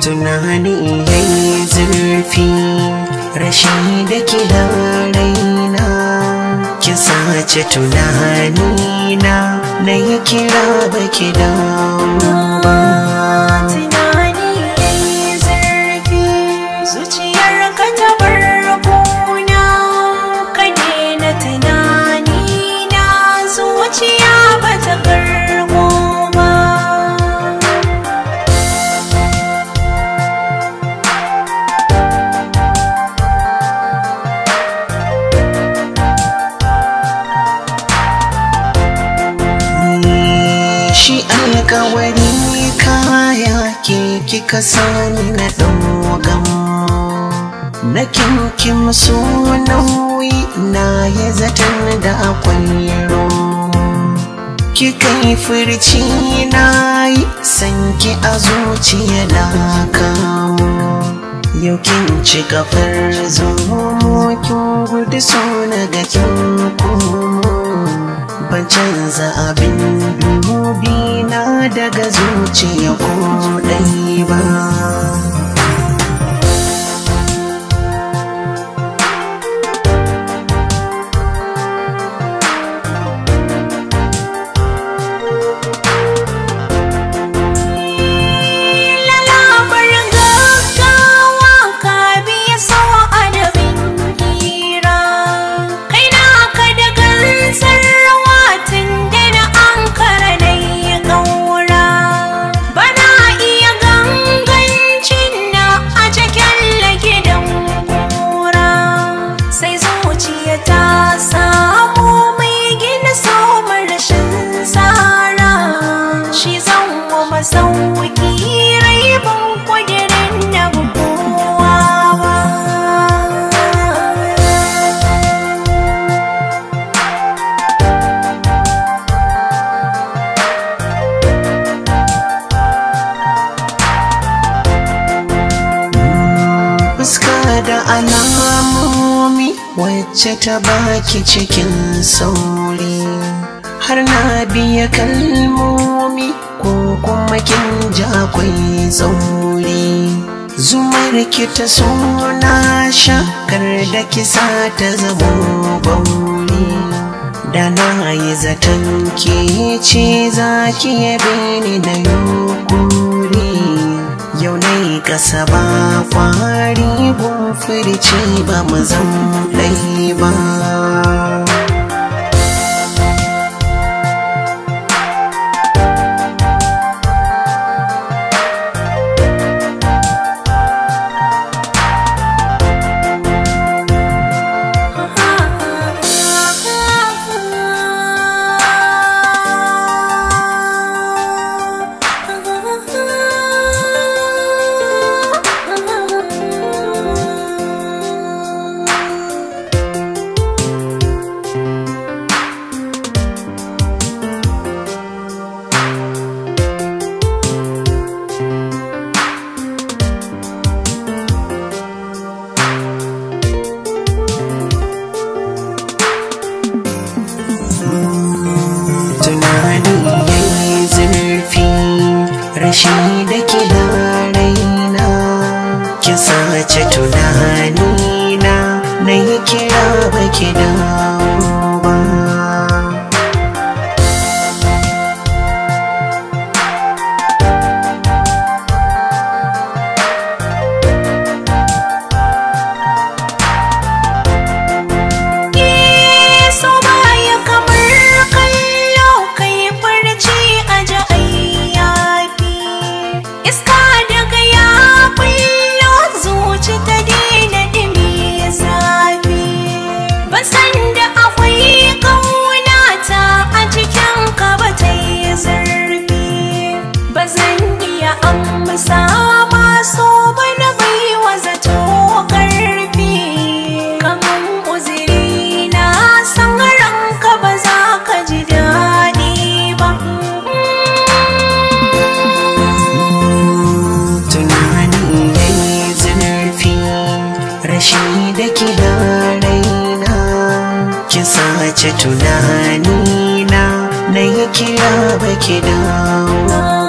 tunani yayi zurfi rashi da ki ki sace tunani na yi kira ba ki ba shi alkawari kaya ke kika sani na dogon na kinkim suna nauyi na ya zaton da akwallero kika yi furci na yi sanki a zuciya na kawo yau kin ci kafar zuwa kin gudu suna ga kin ban canza abin dubu na daga zuciya ko ɗai ba masauki raibin kudirin na kowa ba fuska da alamomi wacce ta baki cikin sauri har na biya kalmomi ko kuma kin ja kwai tsauri zumar ki ta suna shakar da kisa ta zamo bauri da na yi zaton ki ce za ki yabe ni da yukuri yau na yi kasa ba kwari gun firici ba mu zan ba shi da ke raina ki sace tunanina na yi kira ba ki da I will tunanina na yi kira baki dawo